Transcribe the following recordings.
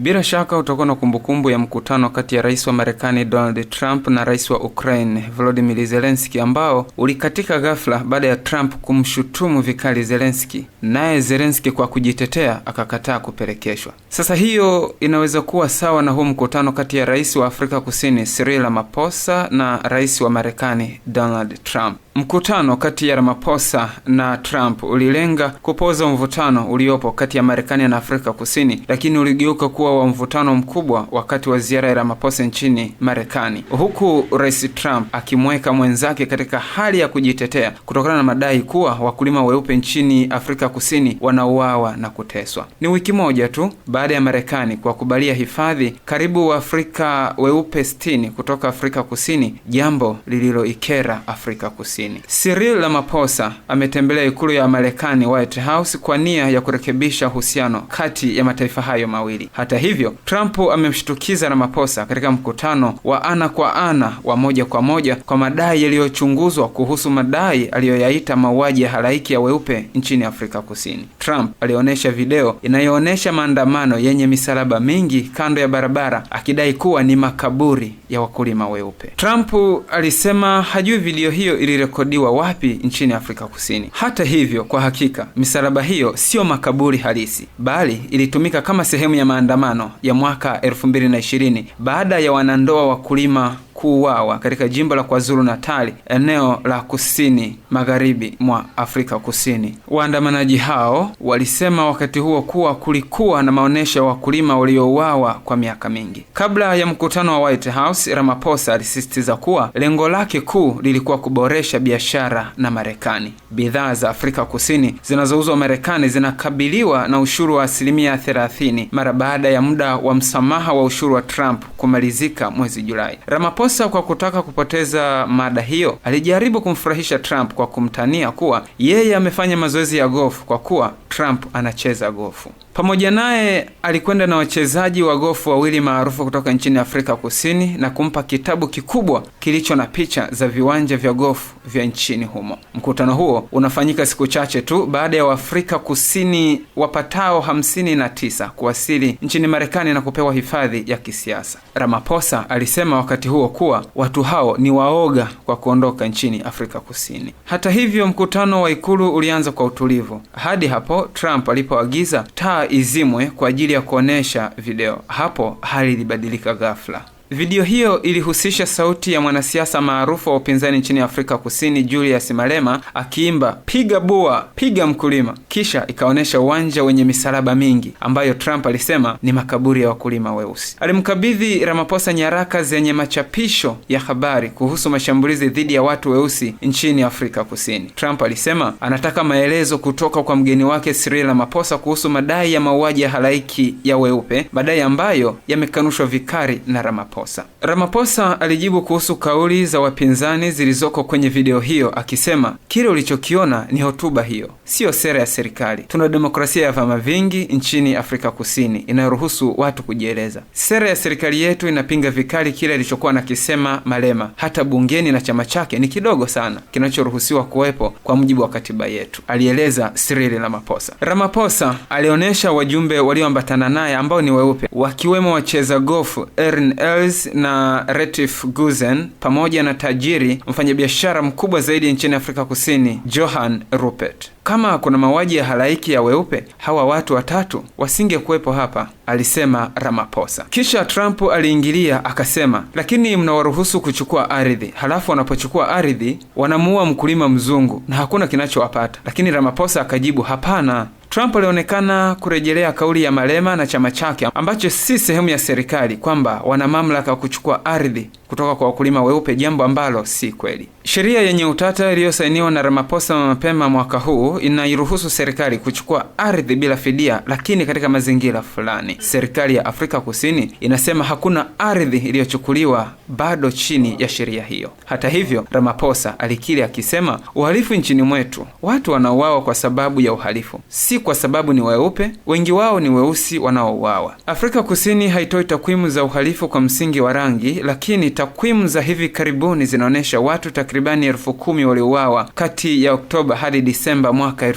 Bila shaka utakuwa na kumbukumbu ya mkutano kati ya rais wa Marekani Donald Trump na rais wa Ukraine volodimir zelenski ambao ulikatika ghafla baada ya Trump kumshutumu vikali zelenski naye zelenski kwa kujitetea akakataa kupelekeshwa. Sasa hiyo inaweza kuwa sawa na huu mkutano kati ya rais wa Afrika Kusini Cyril Ramaphosa na rais wa Marekani Donald Trump. Mkutano kati ya Ramaphosa na Trump ulilenga kupoza mvutano uliopo kati ya Marekani na Afrika Kusini, lakini uligeuka kuwa wa mvutano mkubwa wakati wa ziara ya Ramaphosa nchini Marekani, huku Rais Trump akimweka mwenzake katika hali ya kujitetea kutokana na madai kuwa wakulima weupe nchini Afrika Kusini wanauawa na kuteswa. Ni wiki moja tu baada ya Marekani kuwakubalia hifadhi karibu Waafrika weupe 60 kutoka Afrika Kusini, jambo lililoikera Afrika Kusini siril Cyril Ramaphosa ametembelea ikulu ya Marekani, White House, kwa nia ya kurekebisha uhusiano kati ya mataifa hayo mawili. Hata hivyo, Trump amemshtukiza Ramaphosa katika mkutano wa ana kwa ana wa moja kwa moja kwa madai yaliyochunguzwa kuhusu madai aliyoyaita mauaji ya halaiki ya weupe nchini Afrika Kusini. Trump alionyesha video inayoonyesha maandamano yenye misalaba mingi kando ya barabara akidai kuwa ni makaburi ya wakulima weupe. Trump alisema hajui video hiyo ilire imerekodiwa wapi nchini Afrika Kusini. Hata hivyo, kwa hakika misalaba hiyo siyo makaburi halisi, bali ilitumika kama sehemu ya maandamano ya mwaka 2020 baada ya wanandoa wakulima kuuawa katika jimbo la KwaZulu Natali, eneo la kusini magharibi mwa Afrika Kusini. Waandamanaji hao walisema wakati huo kuwa kulikuwa na maonyesho ya wakulima waliouawa kwa miaka mingi. Kabla ya mkutano wa White House, Ramaphosa alisisitiza kuwa lengo lake kuu lilikuwa kuboresha biashara na Marekani. Bidhaa za Afrika Kusini zinazouzwa Marekani zinakabiliwa na ushuru wa asilimia 30 mara baada ya muda wa msamaha wa ushuru wa Trump kumalizika mwezi Julai. Ramaphosa Makosa kwa kutaka kupoteza mada hiyo, alijaribu kumfurahisha Trump kwa kumtania kuwa yeye amefanya mazoezi ya gofu kwa kuwa Trump anacheza gofu. Pamoja naye alikwenda na wachezaji wa gofu wawili maarufu kutoka nchini Afrika Kusini na kumpa kitabu kikubwa kilicho na picha za viwanja vya gofu vya nchini humo. Mkutano huo unafanyika siku chache tu baada ya Waafrika Kusini wapatao 59 kuwasili nchini Marekani na kupewa hifadhi ya kisiasa. ramaposa alisema wakati huo kuwa watu hao ni waoga kwa kuondoka nchini Afrika Kusini. Hata hivyo, mkutano wa ikulu ulianza kwa utulivu hadi hapo Trump alipoagiza taa izimwe kwa ajili ya kuonesha video. Hapo hali ilibadilika ghafla. Video hiyo ilihusisha sauti ya mwanasiasa maarufu wa upinzani nchini Afrika Kusini, Julius Malema akiimba piga bua piga mkulima, kisha ikaonyesha uwanja wenye misalaba mingi ambayo Trump alisema ni makaburi ya wakulima weusi. Alimkabidhi Ramaphosa nyaraka zenye machapisho ya habari kuhusu mashambulizi dhidi ya watu weusi nchini Afrika Kusini. Trump alisema anataka maelezo kutoka kwa mgeni wake Cyril Ramaphosa kuhusu madai ya mauaji ya halaiki ya weupe, madai ambayo yamekanushwa vikali na Ramaphosa. Ramaphosa. Ramaphosa alijibu kuhusu kauli za wapinzani zilizoko kwenye video hiyo akisema, kile ulichokiona ni hotuba hiyo, siyo sera ya serikali. Tuna demokrasia ya vyama vingi nchini Afrika Kusini inayoruhusu watu kujieleza. Sera ya serikali yetu inapinga vikali kile alichokuwa nakisema Malema. Hata bungeni na chama chake ni kidogo sana kinachoruhusiwa kuwepo kwa mujibu wa katiba yetu, alieleza Cyril Ramaphosa. Ramaphosa alionyesha wajumbe walioambatana naye ambao ni weupe wakiwemo wacheza gofu Ern L Boys na retif Guzen pamoja na tajiri mfanyabiashara mkubwa zaidi nchini Afrika Kusini Johan Rupert. Kama kuna mauaji ya halaiki ya weupe, hawa watu watatu wasingekuwepo hapa, alisema Ramaphosa. Kisha Trump aliingilia akasema, lakini mnawaruhusu kuchukua ardhi, halafu wanapochukua ardhi wanamuua mkulima mzungu na hakuna kinachowapata. Lakini Ramaphosa akajibu, hapana, Trump alionekana kurejelea kauli ya Malema na chama chake ambacho si sehemu ya serikali kwamba wana mamlaka ya kuchukua ardhi kutoka kwa wakulima weupe, jambo ambalo si kweli. Sheria yenye utata iliyosainiwa na Ramaphosa mapema mwaka huu inairuhusu serikali kuchukua ardhi bila fidia, lakini katika mazingira fulani. Serikali ya Afrika Kusini inasema hakuna ardhi iliyochukuliwa bado chini ya sheria hiyo. Hata hivyo, Ramaphosa alikiri akisema, uhalifu nchini mwetu, watu wanauawa kwa sababu ya uhalifu, si kwa sababu ni weupe, wengi wao ni weusi wanaouawa. Afrika Kusini haitoi takwimu za uhalifu kwa msingi wa rangi, lakini Takwimu za hivi karibuni zinaonyesha watu takribani elfu kumi waliuawa kati ya Oktoba hadi Disemba mwaka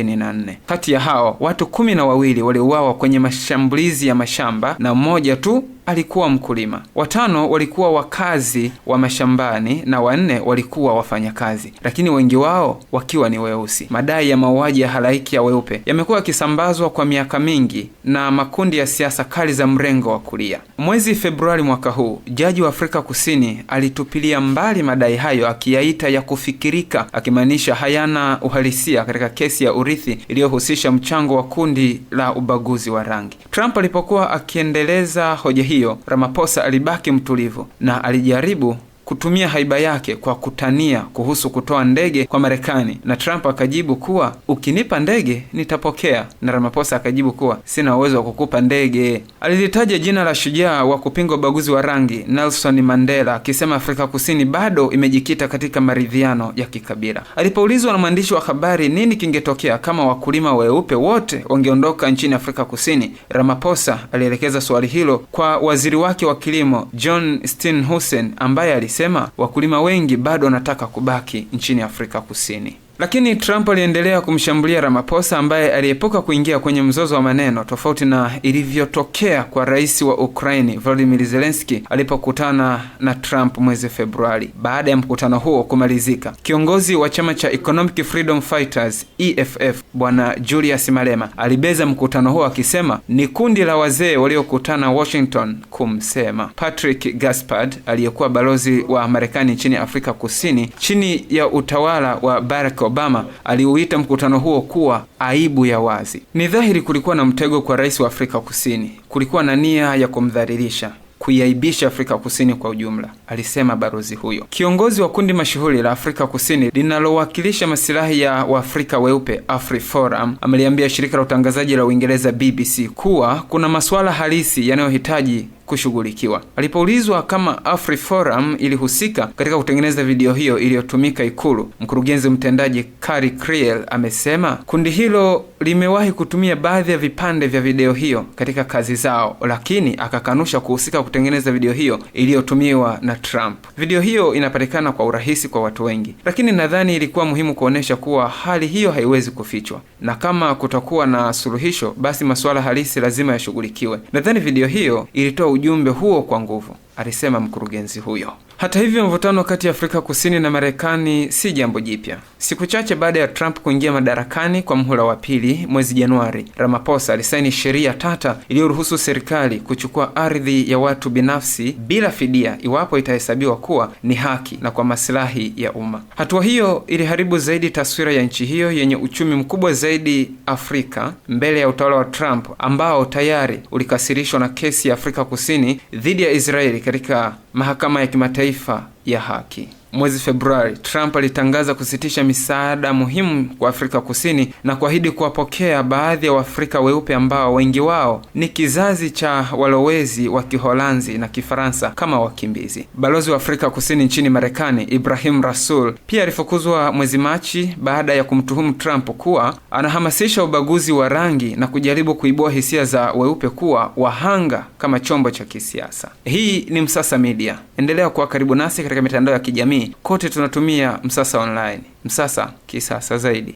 nne. Kati ya hao watu kumi na wawili waliuawa kwenye mashambulizi ya mashamba na mmoja tu alikuwa mkulima, watano walikuwa wakazi wa mashambani na wanne walikuwa wafanyakazi, lakini wengi wao wakiwa ni weusi. Madai ya mauaji ya halaiki ya weupe yamekuwa yakisambazwa kwa miaka mingi na makundi ya siasa kali za mrengo wa kulia. Mwezi Februari mwaka huu, jaji wa Afrika Kusini alitupilia mbali madai hayo akiyaita ya kufikirika, akimaanisha hayana uhalisia katika kesi ya urithi iliyohusisha mchango wa kundi la ubaguzi wa rangi. Trump alipokuwa akiendeleza hoja hiyo ramaposa alibaki mtulivu na alijaribu kutumia haiba yake kwa kutania kuhusu kutoa ndege kwa Marekani, na Trump akajibu kuwa ukinipa ndege nitapokea, na Ramaphosa akajibu kuwa sina uwezo wa kukupa ndege. Alilitaja jina la shujaa wa kupinga ubaguzi wa rangi Nelson Mandela, akisema Afrika Kusini bado imejikita katika maridhiano ya kikabila. Alipoulizwa na mwandishi wa habari nini kingetokea kama wakulima weupe wote wangeondoka nchini Afrika Kusini, Ramaphosa alielekeza swali hilo kwa waziri wake wa kilimo John Steenhuisen ambaye alisema akisema wakulima wengi bado wanataka kubaki nchini Afrika Kusini. Lakini Trump aliendelea kumshambulia Ramaphosa ambaye aliepuka kuingia kwenye mzozo wa maneno, tofauti na ilivyotokea kwa rais wa Ukraini volodimir zelenski alipokutana na Trump mwezi Februari. Baada ya mkutano huo kumalizika, kiongozi wa chama cha Economic Freedom Fighters EFF Bwana Julius Malema alibeza mkutano huo akisema ni kundi la wazee waliokutana Washington kumsema. Patrick Gaspard aliyekuwa balozi wa Marekani nchini Afrika Kusini chini ya utawala wa Barack Obama aliuita mkutano huo kuwa aibu ya wazi. Ni dhahiri kulikuwa na mtego kwa rais wa Afrika Kusini, kulikuwa na nia ya kumdhalilisha kuiaibisha Afrika Kusini kwa ujumla, alisema balozi huyo. Kiongozi wa kundi mashuhuri la Afrika Kusini linalowakilisha masilahi ya Waafrika weupe AfriForum ameliambia shirika la utangazaji la Uingereza BBC kuwa kuna masuala halisi yanayohitaji kushughulikiwa. Alipoulizwa kama AfriForum ilihusika katika kutengeneza video hiyo iliyotumika Ikulu, mkurugenzi mtendaji Kari creel amesema kundi hilo limewahi kutumia baadhi ya vipande vya video hiyo katika kazi zao, lakini akakanusha kuhusika kutengeneza video hiyo iliyotumiwa na Trump. Video hiyo inapatikana kwa urahisi kwa watu wengi, lakini nadhani ilikuwa muhimu kuonesha kuwa hali hiyo haiwezi kufichwa, na kama kutakuwa na suluhisho, basi masuala halisi lazima yashughulikiwe. Nadhani video hiyo ilitoa ujumbe huo kwa nguvu alisema mkurugenzi huyo. Hata hivyo, mvutano kati ya Afrika Kusini na Marekani si jambo jipya. Siku chache baada ya Trump kuingia madarakani kwa mhula wa pili mwezi Januari, Ramaphosa alisaini sheria tata iliyoruhusu serikali kuchukua ardhi ya watu binafsi bila fidia iwapo itahesabiwa kuwa ni haki na kwa masilahi ya umma. Hatua hiyo iliharibu zaidi taswira ya nchi hiyo yenye uchumi mkubwa zaidi Afrika mbele ya utawala wa Trump ambao tayari ulikasirishwa na kesi ya Afrika Kusini dhidi ya Israeli katika mahakama ya kimataifa ya haki. Mwezi Februari, Trump alitangaza kusitisha misaada muhimu kwa Afrika Kusini na kuahidi kuwapokea baadhi ya wa Waafrika weupe ambao wengi wao ni kizazi cha walowezi wa Kiholanzi na Kifaransa kama wakimbizi. Balozi wa Afrika Kusini nchini Marekani, Ibrahim Rasul, pia alifukuzwa mwezi Machi baada ya kumtuhumu Trump kuwa anahamasisha ubaguzi wa rangi na kujaribu kuibua hisia za weupe kuwa wahanga kama chombo cha kisiasa. Hii ni Msasa Media. Endelea kuwa karibu nasi katika mitandao ya kijamii kote tunatumia msasa online, msasa kisasa zaidi.